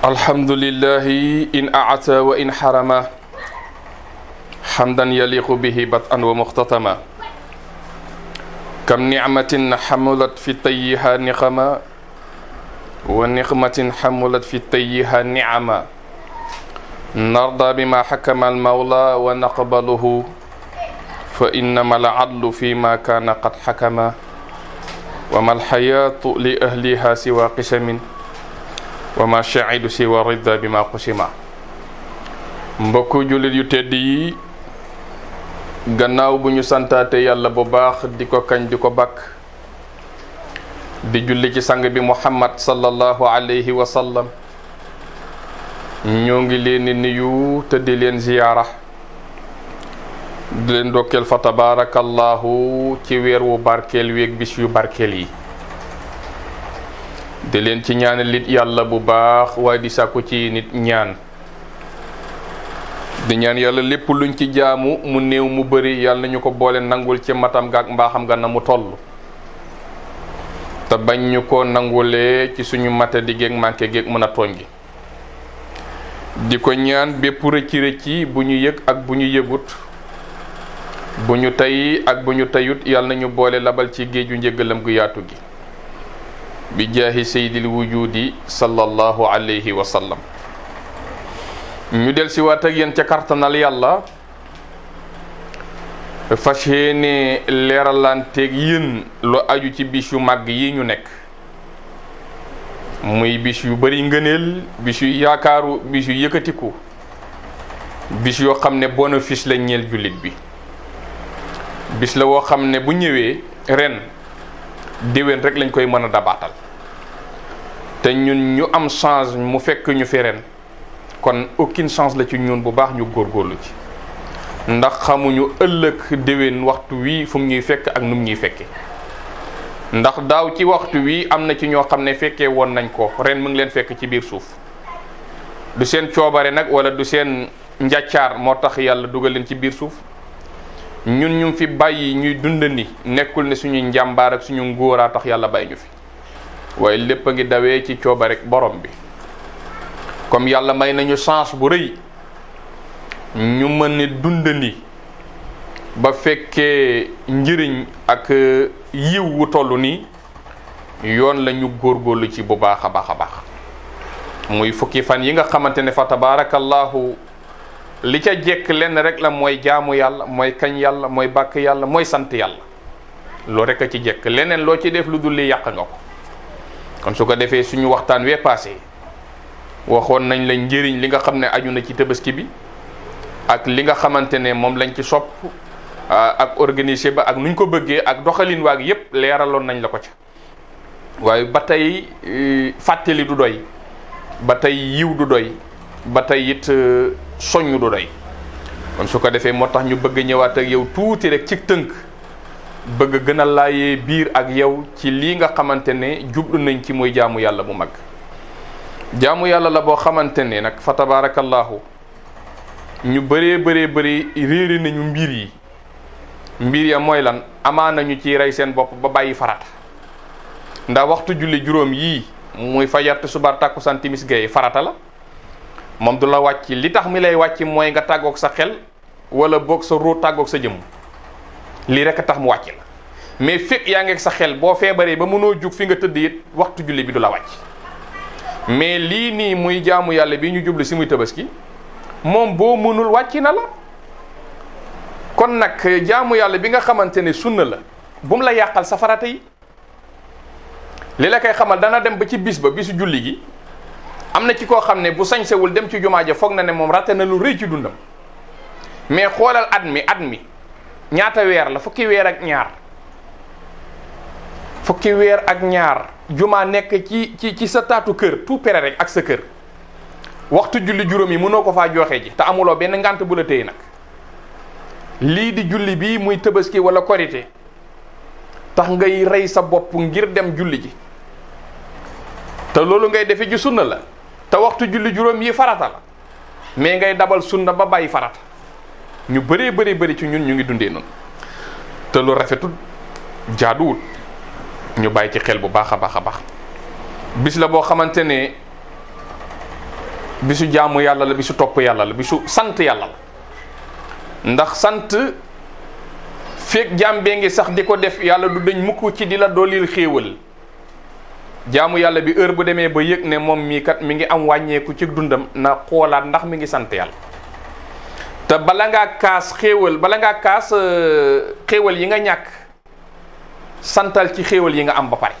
الحمد لله إن أعتى وإن حرما حمدا يليق به بطئا ومختتما كم نعمة حملت في طيها نقما ونقمة حملت في طيها نعما نرضى بما حكم المولى ونقبله فإنما العدل فيما كان قد حكما وما الحياة لأهلها سوى قسم wa ma shaidu si bi ma qusima mbokku jullit yu tedd yi gannaaw bu ñu santaate yàlla bu baax di ko kañ di ko bakk di julli ci sang bi muhammad sallallahu alayhi wa sallam ñoo ngi leen di nuyu te di leen ziyaara di leen dokkeel fa tabarakallahu ci weer wu barkeel weeg bis yu barkeel yi di leen ci ñaan lit yàlla bu baax waaye di sàkku ci nit ñaan di ñaan yàlla lépp luñ ci jaamu mu néew mu bëri yàlla nañu ko boole nangul ci matam ga mbaaxam ga na mu toll te bañ ñu ko nangulee ci suñu mata di géeg manqué géeg mën a tooñ gi di ko ñaan bépp rëcc rëcc bu ñu yëg ak bu ñu yëgut bu ñu tey ak bu ñu teyut yàlla nañu boole labal ci géeju njëgalam gu yaatu gi bi jaahi sayyidil wujudi sallallahu alayhi wa ñu del si waat ak ca kartanal yàlla fas ni leeralanteeg yéen lu aju ci bis yu mag yi ñu nekk muy bis yu bari ngëneel bis yu yaakaaru bis yu yëkkatiku bis yoo xam ne bénéfice la ñeel jullit bi bis la woo xam ne bu ñëwee ren déwén rek lañ koy mën a dabaatal te ñun ñu am change mu fekk ñu fi ren kon aucune chance la ci ñun bu baax ñu góor góorlu ci ndax xamuñu ëllëg déwén waxtu wii fu ñuy fekk ak num ñuy fekke ndax daaw ci waxtu wii am na ci ñoo xam ne fekkee woon nañ ko ren mu ngi leen fekk ci biir suuf du seen coobare nag wala du seen njàccaar moo tax yàlla dugal leen ci biir suuf ñun ñu fi bàyyi ñuy dundandi nekkul ne suñu njàmbaar ak suñu ngóoraa tax yàlla bàyyi ñu fi waaye lépp a ngi dawee ci cooba rek borom bi comme yàlla may nañu chance bu rëy ñu mën a dundandi ba fekkee njëriñ ak yiw wu toll nii yoon lañu góor góorlu ci bu baax a baax a baax muy fukki fan yi nga xamante ne fa tabaarakallaahu li ca jekk lenn rek la mooy jaamu yàlla mooy kañ yàlla mooy bàkk yàlla mooy sant yàlla loo rek a ci jekk leneen loo ci def lu dul li yàq nga ko kon su ko defee suñu waxtaan wee passé waxoon nañ la njëriñ li nga xam ne aju na ci tabaski bi ak li nga xamante ne moom lañ ci sopp ak organiser ba ak nuñ ko bëggee ak doxalin waag yépp leeraloon nañ la ko ca waaye ba tey e, fàttali du doy ba tey yiw du doy ba tey it e, soññ du doy kon su ko defee moo tax ñu bëgg ñëwaat ak yow tuuti rek ci tënk bëgg gën a laayee biir ak yow ci lii nga xamante ne jubl nañ ci muy jaamu yàlla bu mag jaamu yàlla la boo xamante ne nag fa tabaarakallaahu ñu bëree bëree bëri réeri nañu mbir yi mbir ya mooy lan amaa nañu ci rey seen bopp ba bàyyi farata ndax waxtu julli juróom yii muy fajar tisbaar takkusaan timis gaye farata la moom du la wàcc li tax mi lay wàcc mooy nga tàggook sa xel wala boog sa ruu tàggoog sa jëmm lii rek tax mu wàcc la mais fekk yaa ngee sa xel boo feebaree ba mënoo jug fi nga tëdd it waxtu julli bi du la wàcc mais lii nii muy jaamu yàlla bi ñu jublu si muy tabaski moom boo mënul wàcc na la kon nag jaamu yàlla bi nga xamante ne sunna la bu mu la yàqal sa yi li la koy xamal dana dem ba ci bis ba bisu julli gi am na ci koo xam ne bu sañsewul dem ci jumaa ja foog na ne moom ratte na lu rëy ci dundam mais xoolal at mi at mi ñaata weer la fukki weer ak ñaar fukki weer ak ñaar jumaa nekk ci ci ci sa taatu kër tout près rek ak sa kër waxtu julli juróom yi mënoo ko fa joxe ji te amuloo benn ngant bu la téye nag lii di julli bii muy tëbaski wala korite tax ngay rey sa bopp ngir dem julli ji te loolu ngay defe ji sunna la te waxtu julli juróom yi farata la mais ngay dabal sunna ba bàyyi farata ñu bëree bëri bëri ci ñun ñu ngi dundee noonu te lu rafetul jaaduwul ñu bàyyi ci xel bu baax a baax a baax bis la boo xamante ne bisu jaamu yàlla la bi bisu topp yàlla la bi su sant yàlla la ndax sant feeg jaam bee ngi sax di ko def yàlla du dañ mukk ci di la doolil xéewal jaamu yàlla bi heure bu demee ba yëg ne moom mii kat mi ngi am wàññeeku ci dundam na xoolaat ndax mi ngi sant yàlla te bala ngaa kaas xéewal bala ngaa kaas euh, xéewal yi nga ñàkk santal ci xéewal yi nga am ba pare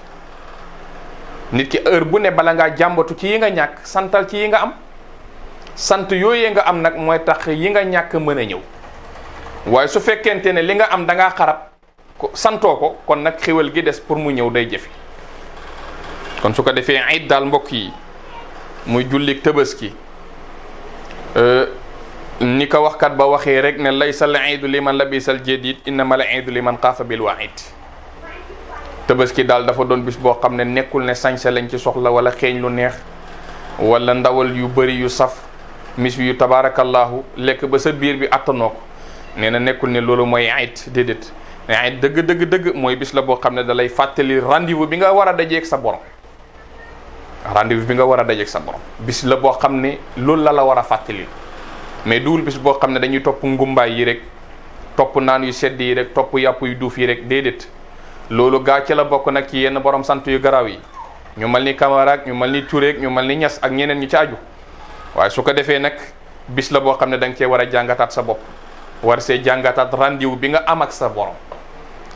nit ki heure bu ne bala ngaa jàmbatu ci yi nga ñàkk santal ci yi nga am sant yooyee nga am nag mooy tax yi nga ñàkk mën a ñëw waaye su fekkente ne li nga am da xarab santoo ko kon nag xéewal gi des pour mu ñëw day jëfe kon su ko defee iid daal mbokk yi muy jullik tabaski euh, ni ko waxkat ba waxee rek ne laysa al iidu liman labisal jadid innama al iidu liman xaafa bil waid tabaski daal dafa doon bis boo xam ne nekkul ne sañse lañ ci soxla wala xeeñ lu neex wala ndawal yu bëri yu saf mis yu tabaarakallaahu lekk ba sa biir bi attanoo ko nee na nekkul ne loolu mooy iid déedéet iid dëgg dëgg dëgg mooy bis la boo xam ne da lay fàttali rendez bi nga war a dajeeg sa borom rendez bi nga war a dajeeg sa borom bis la boo xam ne loolu la la war a fàttali mais duwul bis boo xam ne dañuy topp ngumbaay yi rek topp naan yu sedd yi rek topp yàpp yu duuf yi rek déedéet loolu gaa ci la bokk nag ci yenn borom sant yu garaw yi ñu mal ni Camara ak ñu mal ni Touré ñu mel ni ñas ak ñeneen ñu caaju waaye su ko defee nag bis la boo xam ne da nga cee war a jàngataat sa bopp war see jàngataat rendez-vous bi nga am ak sa borom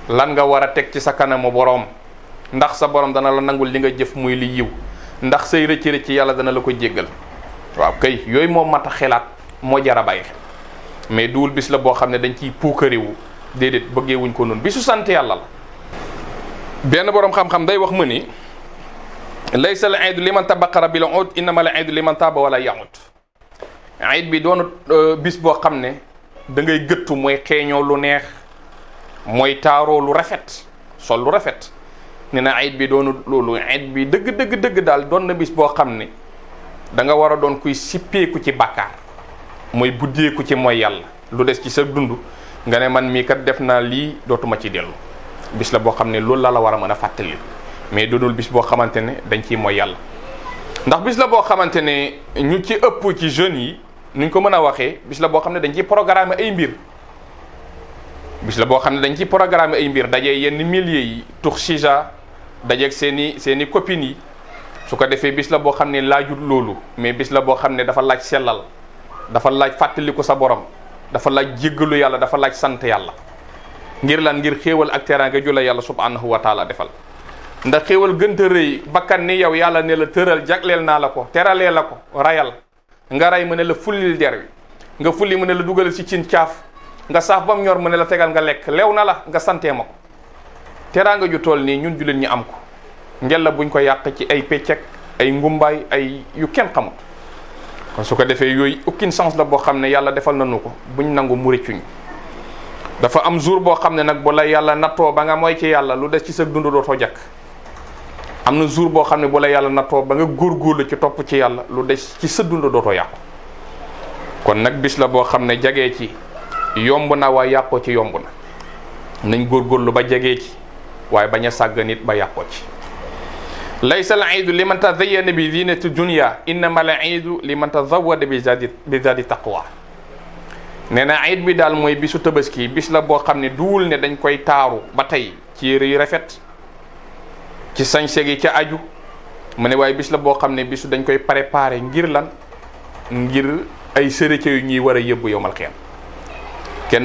lan nga war a teg ci sa kanamu borom ndax sa borom dana la nangul li nga jëf muy li yiw ndax say rëcc rëcc yàlla dana la ko jéggal waaw kay yooyu moom mat a xelaat moo jar a bàyyi xel mais duwul bis la boo xam ne dañ ciy puukariwu déedéet bëggee wuñ ko noonu bisu sant yàlla la. benn boroom xam-xam day wax ma ni laysa al iidu liman tabaqara bil uud innama al iidu liman taaba wala yaud iid bi doon euh, bis boo xam ne dangay ngay gëttu mooy xeeñoo lu neex mooy taaroo lu rafet sol lu rafet. ne na ayit bi doonu loolu ayit bi dëgg dëgg dëgg daal doon na bis boo xam ne danga nga war a doon kuy sippeeku ci bàkkaar mooy buddeeku ci mooy yàlla lu des ci sa dund nga ne man mii kat def naa lii dootuma ci dellu bis la boo xam ne loolu la la war a mën a fàttali mais doonul bis boo xamante ne dañ ciy mooy yàlla ndax bis la boo xamante ne ñu ci ëpp ci jeunes yi nuñ ko mën a waxee bis la boo xam ne dañ ci programme ay mbir bis la boo xam ne dañ ciy programme ay mbir yenn milliers yi tux sija dajeeg seen i seen i yi su ko defee bis la boo xam ne laajut loolu mais bis la boo xam ne dafa laaj sellal dafa laaj fàttaliku sa borom dafa laaj jéggalu yàlla dafa laaj sant yàlla ngir lan ngir xéewal ak teraanga jula la yàlla subhanahu wa taala defal ndax xéewal gën a bakkan ni yow yàlla ne la tëral jagleel naa la ko teralee la ko rayal nga ray mu ne la fullil der wi nga fulli mu ne la dugalal ci cin caaf nga saaf bam ñor mu ne la tegal nga lekk lew na la nga santee ma ko teraanga ju tool nii ñun jullit ñi am ko ngella buñ ko yàq ci ay peccek ay ngumbaay ay yu kenn xamut kon su ko defee yooyu aucune chance la boo xam ne yàlla defal nañu ko buñ nangu mu rëccuñu dafa am jour boo xam ne nag bu la yàlla nattoo ba nga mooy ci yàlla lu des ci sa dund dootoo jàkk am na jour boo xam ne bu yàlla nattoo ba nga góorgóorlu ci topp ci yàlla lu des ci sa dund dootoo yàqu kon nag bis la boo xam ne jagee ci yomb na waa yàqoo ci yomb na nañ góorgóorlu ba jagee ci waaye bañ a sàgg nit ba yàqoo ci laysa al iidu liman tazayyana bi zinati dunya innama al iidu liman tazawwada bi zadi bi zadi taqwa nee na iid bi daal mooy bisu tabaski bis la boo xam ne duwul ne dañ koy taaru ba tey ci yére yu rafet ci sañse gi ca aju mu ne waaye bis la boo xam ne bisu dañ koy préparé ngir lan ngir ay sërëcë yu ñuy war a yëbb yow mal kenn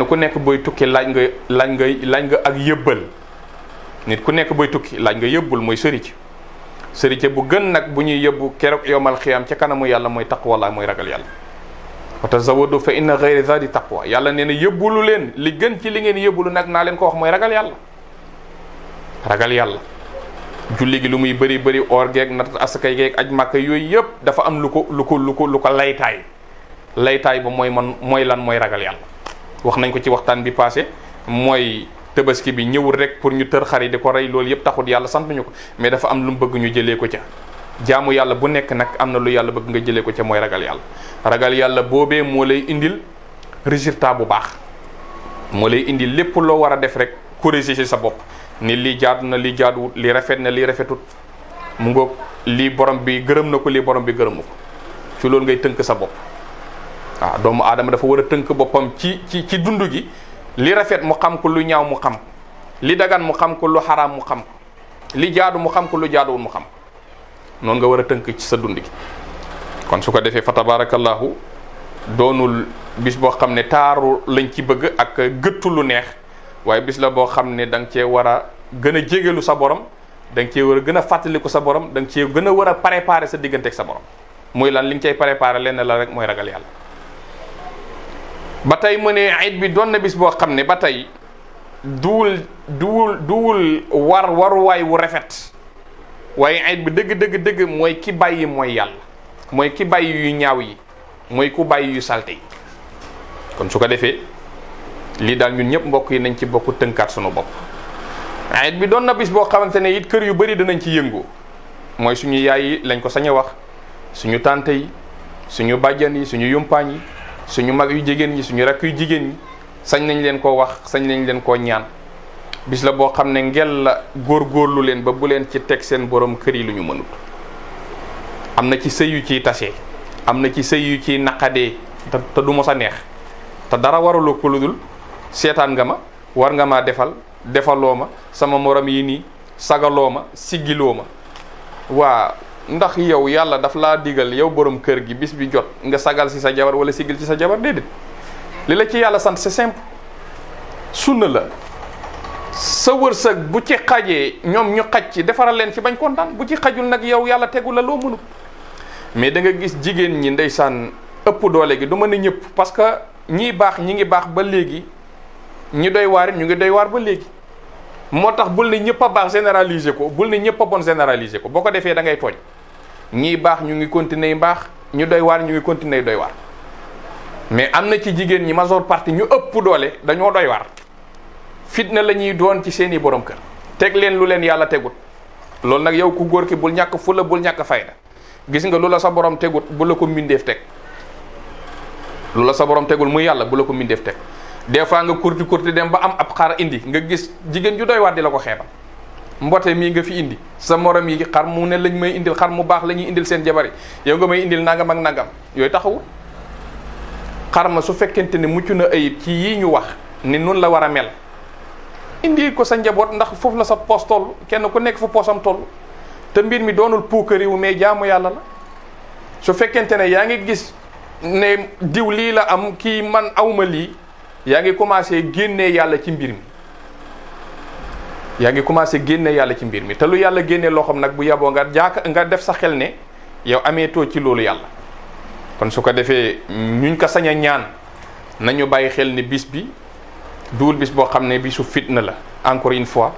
ku nekk booy tukki laaj nga laaj nga laaj nga ak yëbbal nit ku nekk booy tukki laaj nga yóbbul mooy sëric sëric bu gën nag bu ñuy yóbbu keroog yowmal xiyaam ci kanamu yàlla mooy taqwalaa mooy ragal yàlla wa tazawadu fa inna xayra zadi taqwa yàlla nee na yóbbulu leen li gën ci li ngeen yóbbulu naa leen ko wax mooy ragal yàlla ragal yàlla julli gi lu muy bëri bëri or geeg nat asakay geeg aj yooyu yëpp dafa am lu ko lu ko lu ko lu ko mooy man mooy lan mooy ragal yàlla wax nañ ko ci waxtaan bi passé mooy tabaski bi ñëwul rek pour ñu tër xar yi di ko rey loolu yëpp taxut yàlla sant ñu ko mais dafa am lu mu bëgg ñu jëlee ko ca jaamu yàlla bu nekk nag am na lu yàlla bëgg nga jëlee ko ca mooy ragal yàlla ragal yàlla boobee moo lay indil résultat bu baax moo lay indil lépp loo war a def rek corriger ci sa bopp ni lii jaat na lii jaaduwut lii rafet na lii rafetut mu ngoog lii borom bi gërëm na ko lii borom bi gërëmu ko ci loolu ngay tënk sa bopp waaw doomu aadama gi li rafet mu xam ko lu ñaaw mu xam li dagan mu xam ko lu xaraam mu xam ko li jaadu mu xam ko lu jaaduwul mu xam noonu nga war a tënk ci sa dund gi kon su ko defee fa tabarakallahu doonul bis boo xam ne taaru lañ ci bëgg ak gëttu lu neex waaye bis la boo xam ne da cee war a gën a jégelu sa borom da cee war a gën a fàttaliku sa borom da cee gën a war a préparer sa diggante ak sa borom muy lan li nga cay préparer lenn la rek mooy ragal yàlla ba tey mu ne ayit bi doon na bis boo xam ne ba tey duwul duwul duwul war waruwaay wu rafet waaye ayit bi dëgg dëgg dëgg mooy ki bàyyi mooy yàlla mooy ki bàyyi yu ñaaw yi mooy ku bàyyi yu salte yi kon su ko defee lii daal ñun ñëpp mbokk yi nañ ci bokk tënkaat sunu bopp ayit bi doon na bis boo xamante ne it kër yu bari danañ ci yëngu mooy suñu yaay yi lañ ko sañ wax suñu tante yi suñu bàjjan yi suñu yumpaañ yi suñu mag yu jigéen ñi suñu rakk yu jigéen ñi sañ nañ leen koo wax sañ nañ leen koo ñaan bis la boo xam ne ngel la góor góorlu leen ba bu leen ci teg seen boroom kër yi lu ñu mënut am na ci sëy yu ciy tase am na ci sëy yu ciy naqadee te du mos a neex te dara waraloo ko lu dul seetaan nga ma war nga maa defal defaloo ma sama moroom yi nii sagaloo ma siggiloo ma waa ndax yow yàlla daf laa digal yow borom kër gi bis bi jot nga sagal si sa jabar wala sigil ci sa jabar déedéet li la ci yàlla sant c'est simple sunna la sa wërsëg bu ci xajee ñoom ñu xaj ci defaral leen ci bañ kontaan bu ci xajul nag yow yàlla tegu la loo mënul mais da nga gis jigéen ñi ndeysaan ëpp doole gi du mën a ñëpp parce que ñiy baax ñi ngi baax ba léegi ñi doy waar ñu ngi doy waar ba léegi moo tax bul ne ñëpp a baax généraliser ko bul ne ñëpp a bon ko boo ko defee da ngay tooñ ñii baax ñu ngi continuer mbaax ñu doywaar waar ñu ngi continuer doy waar mais am na ci jigéen ñi majeure partie ñu ëpp doole dañoo doy waar fitna la ñuy doon ci seeni borom kër teg leen lu leen yàlla tegut loolu nag yow ku góor ki bul ñàkk fulla bul ñàkk fayda gis nga lu la sa borom tegut bu la ko mbindeef teg lu la sa borom tegul mu yàlla bu la ko mbindeef teg des fois nga kurti kurti dem ba am ab xaar indi nga gis jigéen ju doy waar di la ko xeebal mbote mii nga fi indi sa morom yi xar mu ne lañ may indil xar mu baax lañuy indil seen jabar yi yow nga may indil nangam ak nagam yooyu taxawul xar ma su fekkente ne mucc na ayib ci yi ñu wax ni nun la war a mel indi ko sa njaboot ndax foofu la sa poos toll kenn ku nekk fu poosam toll te mbir mi doonul puukariwu mais jaamu yàlla la su fekkente ne yaa ngi gis ne diw lii la am kii man awma lii yaa ngi commencé génne yàlla ci mbir mi yaa ngi commencé génne yàlla ci mbir mi te lu yàlla génne loxoom nag bu yaboo nga jaaka nga def sa xel ne yow amee too ci loolu yàlla kon su ko defee ñuñ ko sañ ñaan nañu bàyyi xel ne bis bi duul bis boo xam ne bisu fitna la encore une fois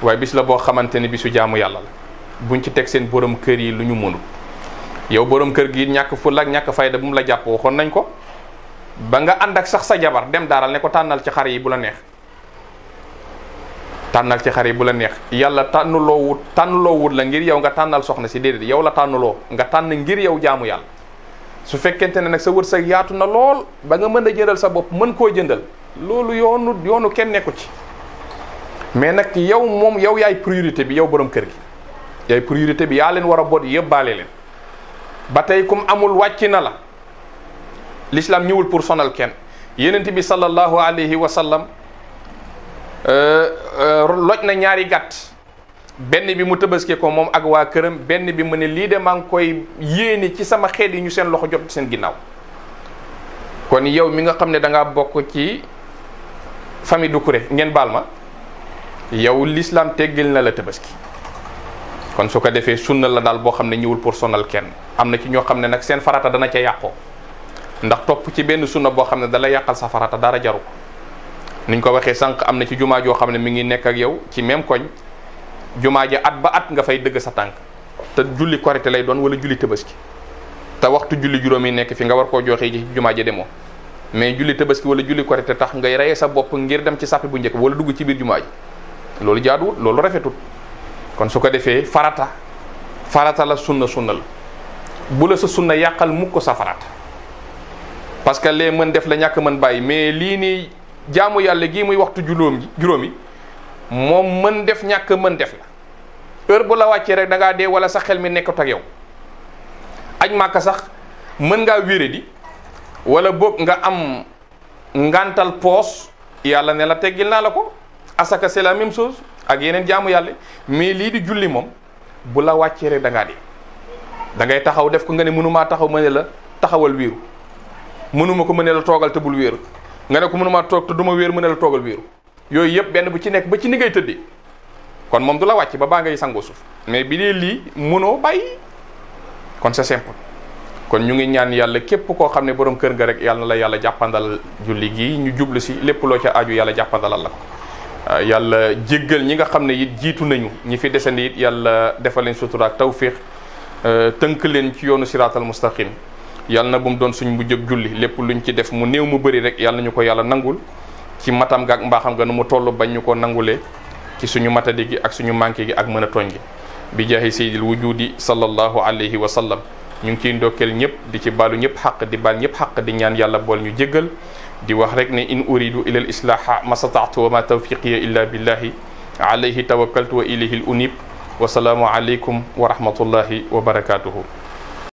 waaye bis la boo xamante ne bisu jaamu yàlla la buñ ci teg seen borom kër yi lu ñu mënul yow borom kër gi ñàkk fulla ak ñàkk fayda bu mu la jàpp waxoon nañ ko ba nga ànd ak sax sa jabar dem daaral ne ko tànnal ci xar yi bu la neex tànnal ci xar yi bu la neex yàlla tànnuloo wut tànnuloo wut la ngir yow nga tànnal soxna si déedéet yow la tànnaloo nga tànn ngir yow jaamu yàlla su fekkente ne nag sa wërsëg yaatu na lool ba nga mën a jëndal sa bopp mën koo jëndal loolu yoonu yoonu kenn nekku ci mais nag yow moom yow yaay priorité bi yow borom kër gi yaay priorité bi yaa leen war a boot yëpp baale leen ba tey kum amul wàcc na la l'islam ñëwul pour sonal kenn yenent bi sallallahu alayhi wa Euh, euh, loj na ñaari gàtt benn bi mu tëbaskee ko moom ak waa këram benn bi mu ne lii de maa ngi koy yéene ci sama xeet yi ñu seen loxo jot seen ginnaaw kon yow mi nga xam ne da ngaa bokk ci famille kure ngeen baal ma yow l'islam teggil na la tabaski kon su ko defee sunna la daal boo xam ne ñëwul pour sonal kenn am na ci ñoo xam ne nag seen farata dana ca yàqoo ndax topp ci benn sunna boo xam ne dala yàqal sa farata dara jaru ko niñ ko waxee sànq am na ci jumaa joo xam ne mi ngi nekk ak yow ci même koñ jumaa ji at ba at nga fay dëgg sa tànk te julli korite lay doon wala julli tabaski te waxtu julli juróom yi nekk fi nga war koo joxee ci jumaa ja demoo mais julli tabaski wala julli korite tax ngay reye sa bopp ngir dem ci sàppi bu njëkk wala dugg ci biir jumaa ji loolu jaaduwut loolu rafetut kon su ko defee farata farata la sunna sunna la bu la sa sunna yàqal mukk ko sa farata parce que lee def la ñàkk mën bàyyi jaamu yàlla gii muy waxtu juróom juróomi moom mën def ñàkk mën def la heure bu la wàccee rek da ngaa dee wala sa xel mi nekkut ak yow aj màkka sax mën ngaa wéré di wala boog nga am ngantal poos yàlla ne la teggil naa la ko asaka c'est la même chose ak yeneen jaamu yàlla mais lii di julli moom bu la wàccee rek da ngaa dee da taxaw def ko nga ne mënumaa taxaw ma ne la taxawal wiiru mënuma ko ma ne la toogal te bul wéeru nga ne ko mënuma toog te du ma wéer mu ne la toogal wéeru yooyu yëpp benn bu ci nekk ba ci ni ngay tëddee kon moom du la wàcc ba baa ngay sangoo suuf mais bi dee lii mënoo bàyyi kon sa simple kon ñu ngi ñaan yàlla képp koo xam ne borom kër nga rek yàlla na la yàlla jàppandal julli gii ñu jublu si lépp loo ca aju yàlla jàppandalal la ko ah, yàlla jéggal ñi nga xam ne it jiitu nañu ñi fi desandi it yàlla defal leen suturaak tawfiq euh, tënk leen ci yoonu siraatal mustaqim yàlla na bu mu doon suñ bu jëb julli lépp lu luñ ci def mu néew mu bëri rek yàlla nañu ko yàlla nangul ci matam ga ak mbaaxam nga nu mu toll bañ ñu ko nangulee ci suñu matadi gi ak suñu manqué gi ak mën a tooñ gi bi jaahi sayyidil wujudi sallallahu alayhi wa sallam ñu ngi ciy ndokkeel ñëpp di ci balu ñëpp xaq di baal ñëpp xaq di ñaan yàlla bool ñu jéggal di wax rek ne in uridu ila al islaha ma sataatu wa ma tawfiqiya illa billahi alayhi tawakkaltu wa ilayhi al unib wa salaamu alaykum wa rahmatullahi wa barakatuhu